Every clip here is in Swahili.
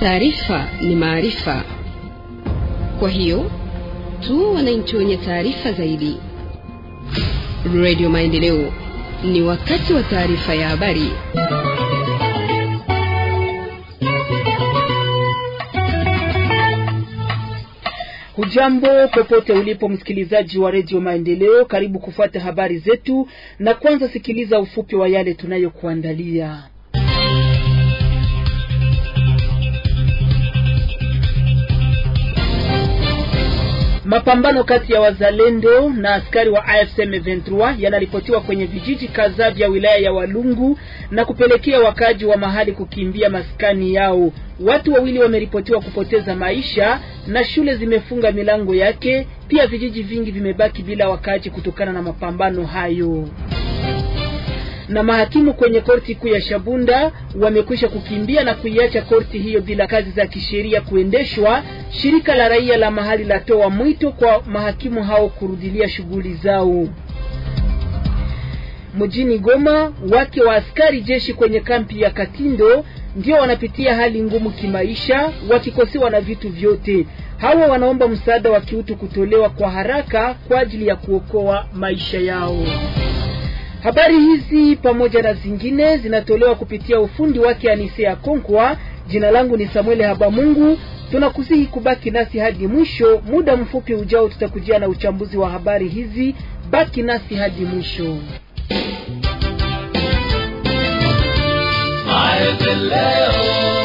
Taarifa ni maarifa, kwa hiyo tu wananchi wenye taarifa zaidi. Radio Maendeleo, ni wakati wa taarifa ya habari. ujambo popote ulipo msikilizaji wa redio Maendeleo, karibu kufuata habari zetu, na kwanza sikiliza ufupi wa yale tunayokuandalia. Mapambano kati ya wazalendo na askari wa AFC M23 yanaripotiwa kwenye vijiji kadhaa vya wilaya ya Walungu na kupelekea wakaji wa mahali kukimbia maskani yao. Watu wawili wameripotiwa kupoteza maisha na shule zimefunga milango yake. Pia vijiji vingi vimebaki bila wakaji kutokana na mapambano hayo na mahakimu kwenye korti kuu ya Shabunda wamekwisha kukimbia na kuiacha korti hiyo bila kazi za kisheria kuendeshwa. Shirika la raia la mahali latoa mwito kwa mahakimu hao kurudilia shughuli zao. Mjini Goma, wake wa askari jeshi kwenye kampi ya Katindo ndio wanapitia hali ngumu kimaisha, wakikosewa na vitu vyote. Hawa wanaomba msaada wa kiutu kutolewa kwa haraka kwa ajili ya kuokoa maisha yao. Habari hizi pamoja na zingine zinatolewa kupitia ufundi wake Anisea Konkwa. Jina langu ni Samuel Habamungu. Tunakusihi kubaki nasi hadi mwisho. Muda mfupi ujao, tutakujia na uchambuzi wa habari hizi. Baki nasi hadi mwisho. Leo.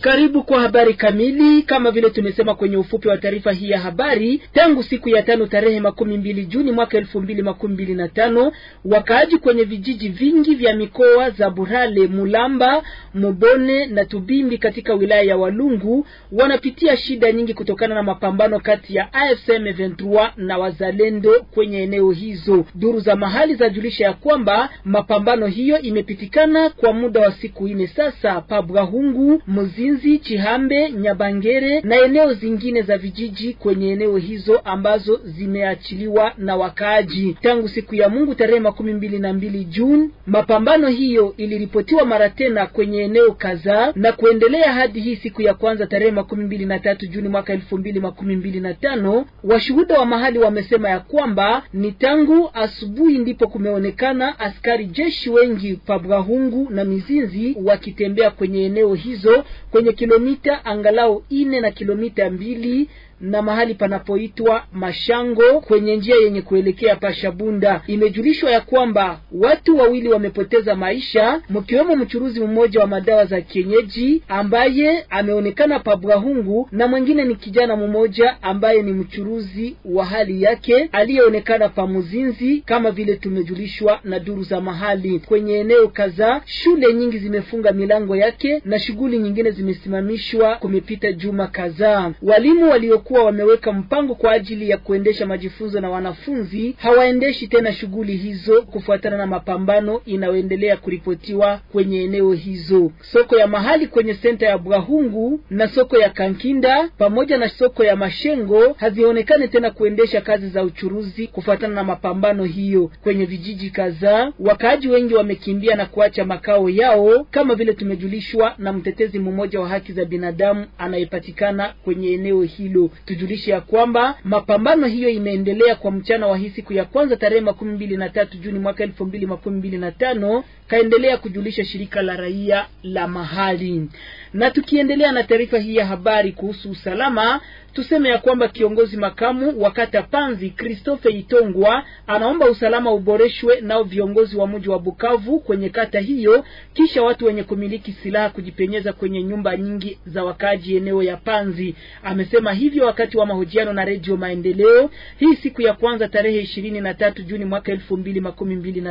Karibu kwa habari kamili. Kama vile tumesema kwenye ufupi wa taarifa hii ya habari, tangu siku ya tano tarehe makumi mbili Juni mwaka elfu mbili makumi mbili na tano wakaaji kwenye vijiji vingi vya mikoa za Burale, Mulamba, Mobone na Tubimbi katika wilaya ya Walungu wanapitia shida nyingi kutokana na mapambano kati ya AFC M23 na wazalendo kwenye eneo hizo. Duru za mahali zajulisha ya kwamba mapambano hiyo imepitikana kwa muda wa siku nne sasa. Pabwahungu muzi Chalinzi, Chihambe, Nyabangere na eneo zingine za vijiji kwenye eneo hizo ambazo zimeachiliwa na wakaaji tangu siku ya Mungu tarehe makumi mbili na mbili Juni. Mapambano hiyo iliripotiwa mara tena kwenye eneo kadhaa na kuendelea hadi hii siku ya kwanza tarehe makumi mbili na tatu Juni mwaka elfu mbili makumi mbili na tano. Washuhuda wa mahali wamesema ya kwamba ni tangu asubuhi ndipo kumeonekana askari jeshi wengi Pabwahungu na Mizinzi wakitembea kwenye eneo hizo kwenye kwenye kilomita angalau ine na kilomita mbili na mahali panapoitwa Mashango kwenye njia yenye kuelekea Pashabunda. Imejulishwa ya kwamba watu wawili wamepoteza maisha, mkiwemo mchuruzi mmoja wa madawa za kienyeji ambaye ameonekana Pabwahungu na mwingine ni kijana mmoja ambaye ni mchuruzi wa hali yake aliyeonekana Pamuzinzi, kama vile tumejulishwa na duru za mahali. Kwenye eneo kadhaa, shule nyingi zimefunga milango yake na shughuli nyingine zimesimamishwa kumepita juma kadhaa. Walimu walio waliokuwa wameweka mpango kwa ajili ya kuendesha majifunzo na wanafunzi hawaendeshi tena shughuli hizo kufuatana na mapambano inayoendelea kuripotiwa kwenye eneo hizo. Soko ya mahali kwenye senta ya Bwahungu na soko ya Kankinda pamoja na soko ya Mashengo hazionekane tena kuendesha kazi za uchuruzi kufuatana na mapambano hiyo. Kwenye vijiji kadhaa, wakaaji wengi wamekimbia na kuacha makao yao, kama vile tumejulishwa na mtetezi mmoja wa haki za binadamu anayepatikana kwenye eneo hilo tujulishe ya kwamba mapambano hiyo imeendelea kwa mchana wa hii siku ya kwanza tarehe makumi mbili na tatu Juni mwaka elfu mbili makumi mbili na tano kaendelea kujulisha shirika la raia la mahali. Na tukiendelea na taarifa hii ya habari kuhusu usalama, Tuseme ya kwamba kiongozi makamu wa kata Panzi Christophe Itongwa anaomba usalama uboreshwe nao viongozi wa mji wa Bukavu kwenye kata hiyo, kisha watu wenye kumiliki silaha kujipenyeza kwenye nyumba nyingi za wakaaji eneo ya Panzi. Amesema hivyo wakati wa mahojiano na Redio Maendeleo hii siku ya kwanza tarehe ishirini Juni mwaka elfu makumi mbili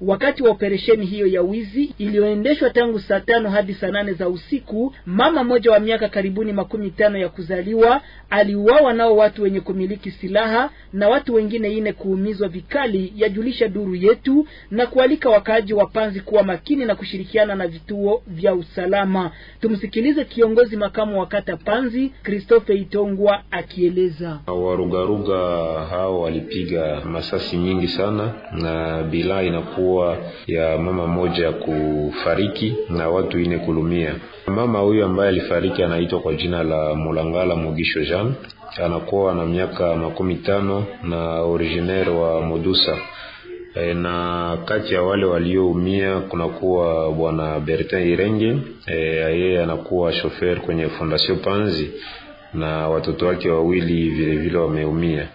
wakati wa operesheni hiyo ya wizi iliyoendeshwa tangu saa tano hadi saa nane za usiku. Mama mmoja wa miaka karibuni makumi tano ya kuzaliwa Mkwawa aliuawa nao watu wenye kumiliki silaha na watu wengine ine kuumizwa vikali, yajulisha duru yetu, na kualika wakaaji wa Panzi kuwa makini na kushirikiana na vituo vya usalama. Tumsikilize kiongozi makamu wa kata Panzi, Christophe Itongwa, akieleza. Warugaruga hao walipiga masasi nyingi sana, na bila inakuwa ya mama moja ya kufariki na watu ine kulumia. Mama huyu ambaye alifariki anaitwa kwa jina la Mulangala Mugi Mugisho Jean anakuwa na miaka makumi tano na originaire wa Modusa. E, na kati ya wale walioumia kunakuwa bwana Bertin Irenge, e, yeye anakuwa shofer kwenye Fondation Panzi na watoto wake wawili vile vile wameumia.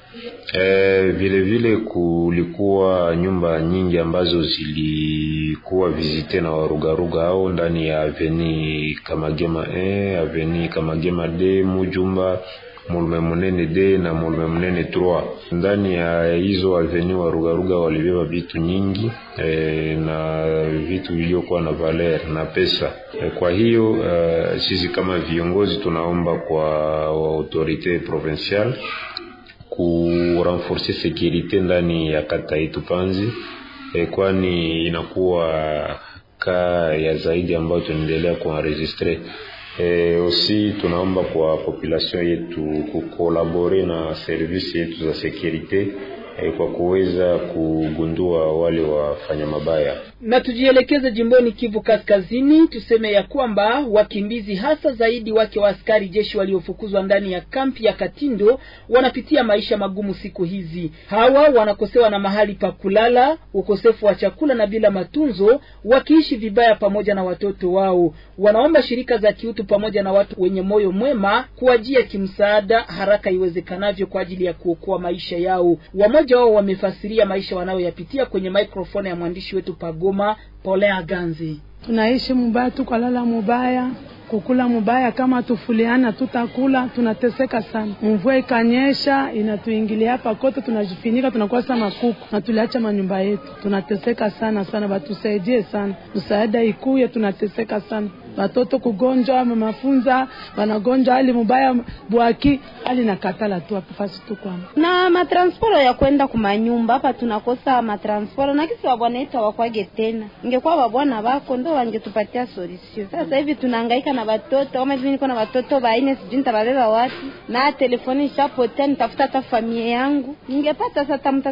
E, vile vile kulikuwa nyumba nyingi ambazo zilikuwa vizite na warugaruga hao ndani ya aveni Kamagema e, aveni Kamagema de Mujumba Mulume Munene de na Mulume Munene 3. Ndani ya hizo wa rugaruga walibeba vitu nyingi e, na vitu viliokuwa na valer na pesa e, kwa hiyo uh, sisi kama viongozi tunaomba kwa autorite provinciale kurenforce securite ndani ya kata yetu Panzi e, kwani inakuwa ka ya zaidi ambayo tunaendelea kuenregistre E, aussi tunaomba kwa population yetu kukolabore na servisi yetu za sekurite e, kwa kuweza kugundua wale wafanya mabaya. Na tujielekeze jimboni Kivu Kaskazini, tuseme ya kwamba wakimbizi hasa zaidi wake wa askari jeshi waliofukuzwa ndani ya kampi ya Katindo wanapitia maisha magumu siku hizi. Hawa wanakosewa na mahali pa kulala, ukosefu wa chakula na bila matunzo, wakiishi vibaya pamoja na watoto wao. Wanaomba shirika za kiutu pamoja na watu wenye moyo mwema kuwajia kimsaada haraka iwezekanavyo kwa ajili ya kuokoa maisha yao. Wamoja wao wamefasiria maisha wanayoyapitia kwenye mikrofoni ya mwandishi wetu Pagoma. Goma, Polin ganzi Tunaishi mubaya, tukalala mubaya kukula mubaya, kama tufuliana tutakula, tunateseka sana. Mvua ikanyesha inatuingilia hapa kote, tunajifinika tunakuwa makuku kuku na tuliacha manyumba yetu, tunateseka sana sana. Batusaidie sana, msaada ikuye, tunateseka sana watoto kugonjwa, mafunza wanagonjwa, hali mubaya bwaki, hali nakatala tu apafasi tu kwa na matransporo ya kwenda kumanyumba hapa, tunakosa matransporo na kisi wabwana eta wakwage tena, ingekuwa wabwana bako ndo wangetupatia solution. Sasa hivi tunahangaika na watoto ama hivi niko na watoto baine, sijui nitababeba wapi, na telefoni ishapotea, nitafuta hata familia yangu. Ningepata sasa hata mtu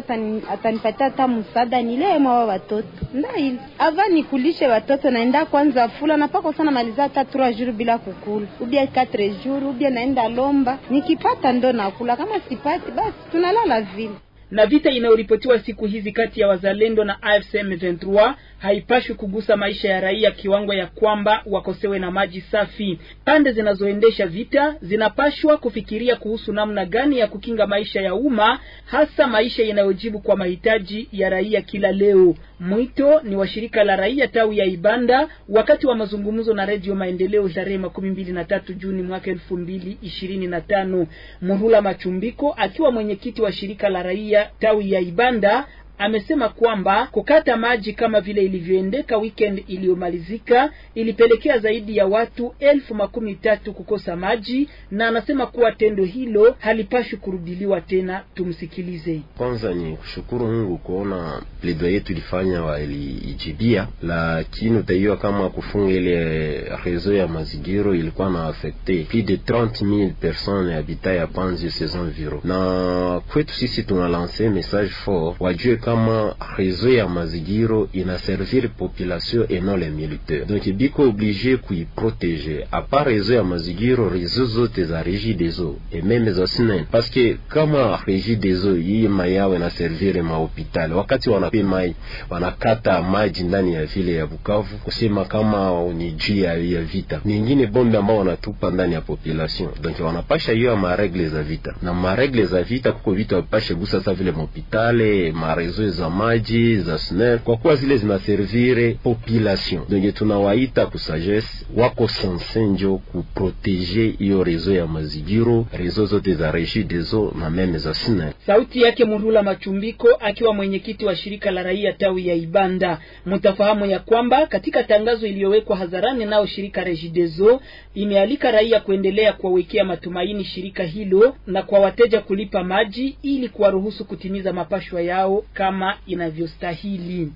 atanipatia hata msaada, nilee mwa watoto ndai ava nikulishe watoto, naenda kwanza fula pako sana maliza hata trois jours bila kukula, ubia quatre jours, ubia naenda lomba, nikipata ndo nakula, kama sipati basi tunalala vile na vita inayoripotiwa siku hizi kati ya wazalendo na AFC M23 haipashwi kugusa maisha ya raia kiwango ya kwamba wakosewe na maji safi. Pande zinazoendesha vita zinapashwa kufikiria kuhusu namna gani ya kukinga maisha ya umma, hasa maisha yanayojibu kwa mahitaji ya raia kila leo. Mwito ni wa shirika la raia tawi ya Ibanda wakati wa mazungumzo na Redio Maendeleo tarehe makumi mbili na tatu Juni mwaka elfu mbili ishirini na tano. Murula Machumbiko akiwa mwenyekiti wa shirika la raia tawi ya ibanda amesema kwamba kukata maji kama vile ilivyoendeka weekend iliyomalizika ilipelekea zaidi ya watu elfu makumi tatu kukosa maji, na anasema kuwa tendo hilo halipashi kurudiliwa tena. Tumsikilize. Kwanza ni kushukuru Mungu kuona pledo yetu ilifanya waliijibia, lakini utaiwa kama kufunga ile rezo ya mazigiro ilikuwa na afekte plus de 30000 personnes habita ya Panzi saison environs, na kwetu sisi tunalanse message fort wajue kama rezo ya Mazigiro servir population et non les militaires, donc biko oblige kuiprotege apa rezo ya Mazigiro, rezo zote za eaux et meme za parce que kama Regideso iyi mayao inaservire mahopitali, wakati wanape mai wanakata maji ndani ya vile ya Bukavu, kusema kama ni juu ya vita ningine bombe ambao wanatupa ndani ya population, donc wanapasha hiyo maregle za vita na maregle za vita, kuko vita apashe gusa sa vile mahopitali marezo rezo za maji za SNEL kwa kuwa zile zinaservire population donye tunawaita sagesse wako sansenjo kuproteje hiyo rezo ya mazigiro rezo zote za regideso na meme za SNEL. Sauti yake Murula Machumbiko akiwa mwenyekiti wa shirika la raia tawi ya Ibanda. Mtafahamu ya kwamba katika tangazo iliyowekwa hadharani, nao shirika regideso imealika raia kuendelea kuwawekea matumaini shirika hilo na kwa wateja kulipa maji ili kuwaruhusu kutimiza mapashwa yao ka kama inavyostahili.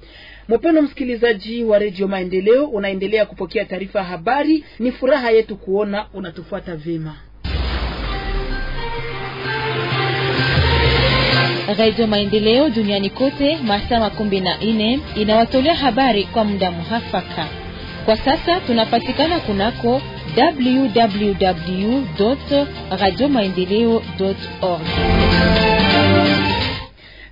Mpendwa msikilizaji wa redio Maendeleo, unaendelea kupokea taarifa habari. Ni furaha yetu kuona unatufuata vyema. Radio Maendeleo duniani kote masaa makumi na nne inawatolea habari kwa muda muhafaka. Kwa sasa tunapatikana kunako www radio maendeleo org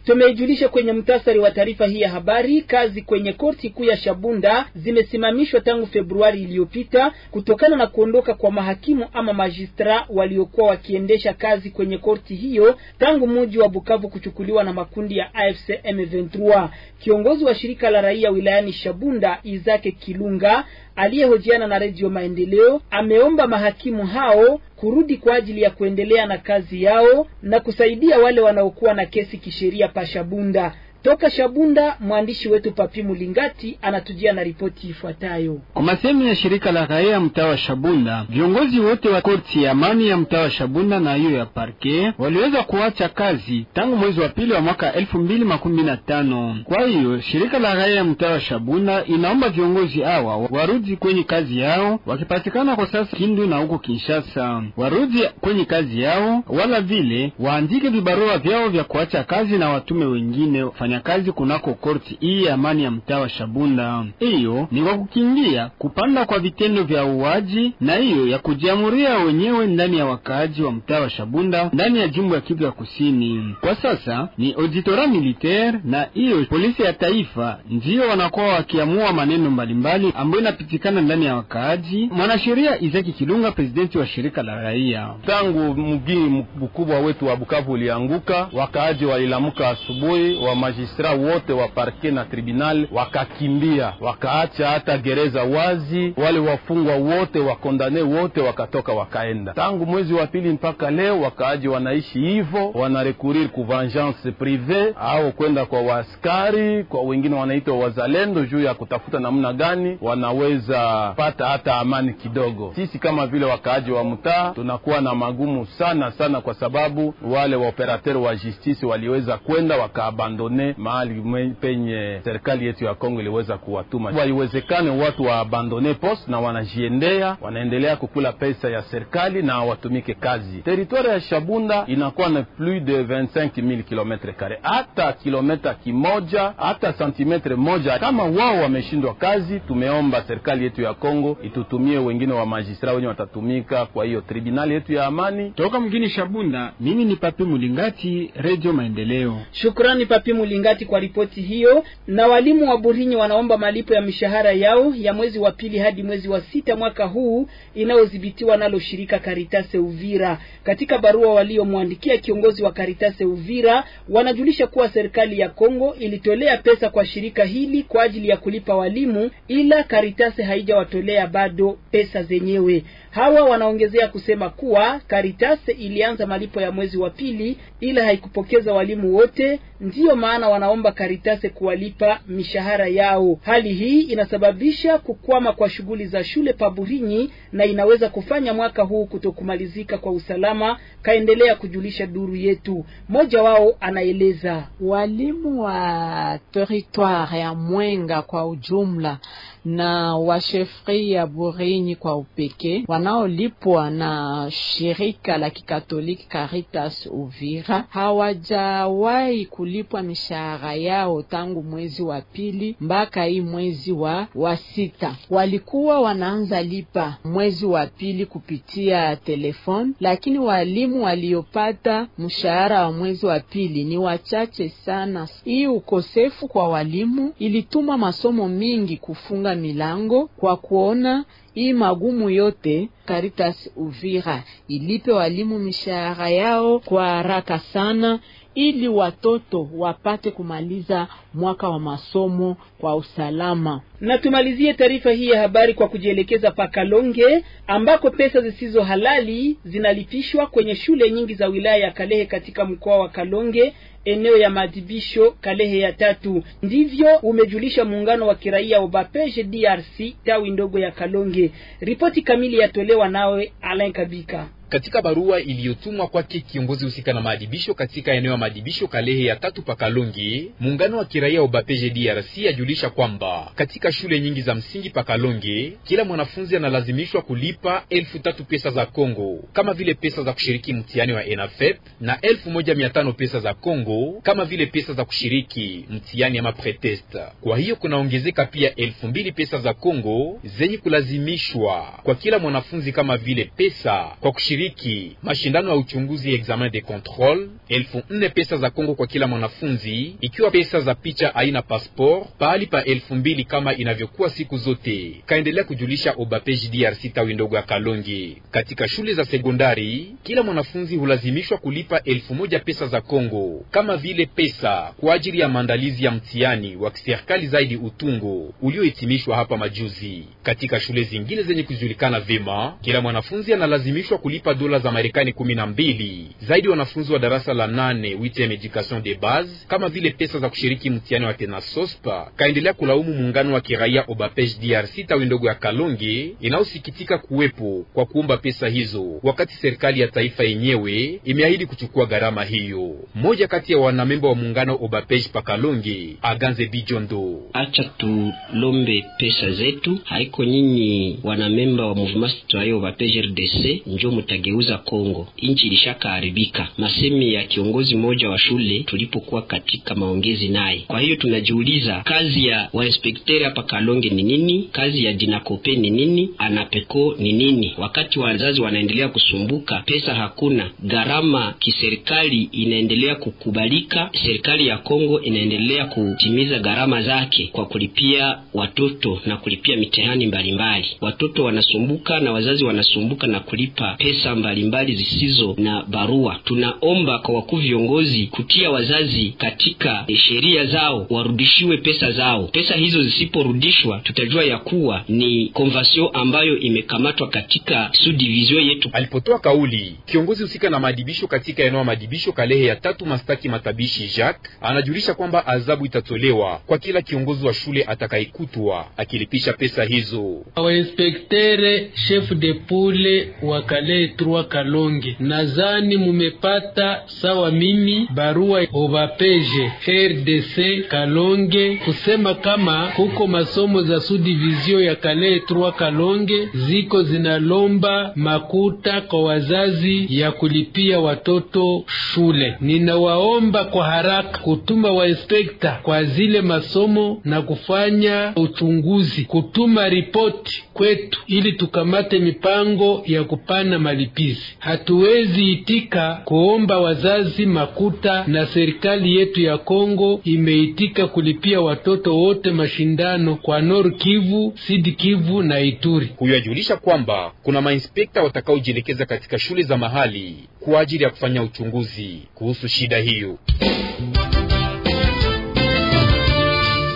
Tumeijulisha kwenye mtasari wa taarifa hii ya habari, kazi kwenye korti kuu ya Shabunda zimesimamishwa tangu Februari iliyopita kutokana na kuondoka kwa mahakimu ama majistra waliokuwa wakiendesha kazi kwenye korti hiyo tangu mji wa Bukavu kuchukuliwa na makundi ya AFC M23. Kiongozi wa shirika la raia wilayani Shabunda Izake Kilunga aliyehojiana na Redio Maendeleo ameomba mahakimu hao kurudi kwa ajili ya kuendelea na kazi yao na kusaidia wale wanaokuwa na kesi kisheria Pashabunda. Toka Shabunda, mwandishi wetu Papi Mulingati anatujia na ripoti ifuatayo. Kwa masehemu ya shirika la raia mtaa wa Shabunda, viongozi wote wa korti ya amani ya mtaa wa Shabunda na hiyo ya parke waliweza kuacha kazi tangu mwezi wa pili wa mwaka elfu mbili makumi na tano. Kwa hiyo shirika la raia ya mtaa wa Shabunda inaomba viongozi hawa warudi kwenye kazi yao, wakipatikana kwa sasa Kindu na huko Kinshasa, warudi kwenye kazi yao, wala vile waandike vibarua vyao vya kuacha kazi na watume wengine fanya wafanyakazi kunako korti hii amani ya mtaa wa Shabunda. Hiyo ni kwa kukimbia kupanda kwa vitendo vya uwaji na hiyo ya kujiamuria wenyewe ndani ya wakaaji wa mtaa wa Shabunda ndani ya jimbo ya Kivu ya Kusini. Kwa sasa ni auditora militaire na hiyo polisi ya taifa ndiyo wanakuwa wakiamua maneno mbalimbali ambayo inapitikana ndani ya wakaaji. Mwanasheria Izaki Kilunga, presidenti wa shirika la raia: tangu mgii mkubwa wetu wa Bukavu ulianguka, wakaaji walilamuka asubuhi wa maji magistra wote wa parke na tribunal wakakimbia, wakaacha hata gereza wazi, wale wafungwa wote wakondane wote wakatoka wakaenda. Tangu mwezi wa pili mpaka leo wakaaji wanaishi hivyo, wanarekurir ku vengeance prive au kwenda kwa waaskari, kwa wengine wanaitwa wazalendo, juu ya kutafuta namna gani wanaweza pata hata amani kidogo. Sisi kama vile wakaaji wa mtaa tunakuwa na magumu sana sana, kwa sababu wale waoperateur wa justice waliweza kwenda wakaabandone mahali penye serikali yetu ya Kongo iliweza kuwatuma. Waiwezekane watu waabandone poste na wanajiendea, wanaendelea kukula pesa ya serikali na watumike kazi. Teritwari ya Shabunda inakuwa na plus de 25000 km kare, hata kilometa kimoja hata santimetre moja kama wao wameshindwa kazi, tumeomba serikali yetu ya Kongo itutumie wengine wa majistra wenye watatumika kwa hiyo tribunali yetu ya amani. Toka mjini Shabunda, mimi ni Papi Mulingati, Radio Maendeleo. Shukrani Papi Mulingati. Kiringati kwa ripoti hiyo. Na walimu wa Burinyi wanaomba malipo ya mishahara yao ya mwezi wa pili hadi mwezi wa sita mwaka huu inayodhibitiwa nalo shirika Karitase Uvira. Katika barua waliomwandikia kiongozi wa Karitase Uvira, wanajulisha kuwa serikali ya Kongo ilitolea pesa kwa shirika hili kwa ajili ya kulipa walimu, ila Karitase haijawatolea bado pesa zenyewe. Hawa wanaongezea kusema kuwa Karitase ilianza malipo ya mwezi wa pili, ila haikupokeza walimu wote, ndiyo maana na wanaomba Karitase kuwalipa mishahara yao. Hali hii inasababisha kukwama kwa shughuli za shule Paburinyi na inaweza kufanya mwaka huu kutokumalizika kwa usalama, kaendelea kujulisha duru yetu. Mmoja wao anaeleza walimu wa territoire ya Mwenga kwa ujumla na washefri ya Burini kwa upeke wanaolipwa na shirika la kikatoliki Caritas Uvira hawajawahi kulipwa mishahara yao tangu mwezi wa pili mpaka hii mwezi wa, wa sita. Walikuwa wanaanza lipa mwezi wa pili kupitia telefoni, lakini walimu waliopata mshahara wa mwezi wa pili ni wachache sana. Hii ukosefu kwa walimu ilituma masomo mingi kufunga milango kwa kuona hii magumu yote. Caritas Uvira ilipe walimu mishahara yao kwa haraka sana ili watoto wapate kumaliza mwaka wa masomo kwa usalama. Na tumalizie taarifa hii ya habari kwa kujielekeza Pakalonge ambako pesa zisizo halali zinalipishwa kwenye shule nyingi za wilaya ya Kalehe katika mkoa wa Kalonge eneo ya maadhibisho Kalehe ya tatu. Ndivyo umejulisha muungano wa kiraia Obapeje DRC tawi ndogo ya Kalonge. Ripoti kamili yatolewa nawe Alain Kabika. Katika barua iliyotumwa kwake kiongozi husika na maadibisho katika eneo ya maadibisho Kalehe ya tatu Pakalongi, muungano wa kiraia Obapeje DRC ajulisha kwamba katika shule nyingi za msingi Pakalongi kila mwanafunzi analazimishwa kulipa elfu tatu pesa za Kongo kama vile pesa za kushiriki mtihani wa ENAFEP na elfu moja mia tano pesa za Kongo kama vile pesa za kushiriki mtihani ama pretest. Kwa hiyo kunaongezeka pia elfu mbili pesa za Kongo zenye kulazimishwa kwa kila mwanafunzi kama vile pesa kwa kushiriki kushiriki mashindano ya uchunguzi examen de controle, elfu nne pesa za Kongo kwa kila mwanafunzi, ikiwa pesa za picha aina passport pahali pa elfu mbili kama inavyokuwa siku zote, kaendelea kujulisha Obapeji DRC tawi ndogo ya Kalonge. Katika shule za sekondari, kila mwanafunzi hulazimishwa kulipa elfu moja pesa za Kongo kama vile pesa kwa ajili ya maandalizi ya mtihani wa kiserikali zaidi utungo uliohitimishwa hapa majuzi. Katika shule zingine zenye kujulikana vema, kila mwanafunzi analazimishwa kulipa wanalipa dola za Marekani kumi na mbili. Zaidi wanafunzi wa darasa la nane witem education de base kama vile pesa za kushiriki mtihani wa tenasospa kaendelea kulaumu muungano wa kiraia Obapesh DRC tawi ndogo ya Kalonge inayosikitika kuwepo kwa kuomba pesa hizo, wakati serikali ya taifa yenyewe imeahidi kuchukua gharama hiyo. Mmoja kati ya wanamemba wa muungano Obapesh Pakalonge Aganze Bijondo: acha tulombe pesa zetu, haiko nyinyi wanamemba wa movement tuayo Obapesh RDC njo muta atageuza Kongo. Nchi ilishakaharibika, masemi ya kiongozi mmoja wa shule tulipokuwa katika maongezi naye. Kwa hiyo tunajiuliza kazi ya wainspekteri hapa Kalonge ni nini? Kazi ya Dinakope ni nini? Anapeko ni nini? Wakati wazazi wanaendelea kusumbuka, pesa hakuna, gharama kiserikali inaendelea kukubalika, serikali ya Kongo inaendelea kutimiza gharama zake kwa kulipia watoto na kulipia mitihani mbalimbali. Watoto wanasumbuka na wazazi wanasumbuka na kulipa pesa pesa mbalimbali zisizo na barua. Tunaomba kwa wakuu viongozi kutia wazazi katika e, sheria zao, warudishiwe pesa zao. Pesa hizo zisiporudishwa, tutajua ya kuwa ni konvasio ambayo imekamatwa katika sudivizio yetu. Alipotoa kauli kiongozi husika na maadibisho katika eneo ya maadibisho Kalehe ya tatu mastaki matabishi Jacques anajulisha kwamba adhabu itatolewa kwa kila kiongozi wa shule atakayekutwa akilipisha pesa hizo. Wainspektere chef de pole wa Kalehe Trois Kalonge. Nazani mumepata sawa mimi barua obapeje RDC Kalonge kusema kama kuko masomo za sudivizio ya Kale Trois Kalonge ziko zinalomba makuta kwa wazazi ya kulipia watoto shule. Ninawaomba kwa haraka kutuma wainspekta kwa zile masomo na kufanya uchunguzi, kutuma ripoti kwetu ili tukamate mipango ya kupana mali walipizi. Hatuwezi itika kuomba wazazi makuta, na serikali yetu ya Kongo imeitika kulipia watoto wote mashindano kwa Nord Kivu, Sud Kivu na Ituri. Huyajulisha kwamba kuna mainspekta watakaojielekeza katika shule za mahali kwa ajili ya kufanya uchunguzi kuhusu shida hiyo.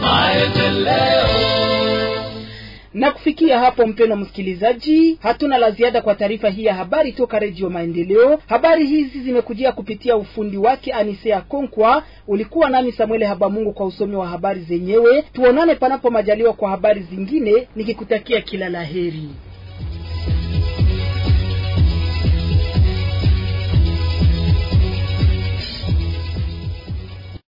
Maendeleo. Na kufikia hapo, mpendwa msikilizaji, hatuna la ziada kwa taarifa hii ya habari toka Redio Maendeleo. Habari hizi zimekujia kupitia ufundi wake Anisea Konkwa. Ulikuwa nami Samuel Habamungu kwa usomi wa habari zenyewe. Tuonane panapo majaliwa kwa habari zingine, nikikutakia kila la heri.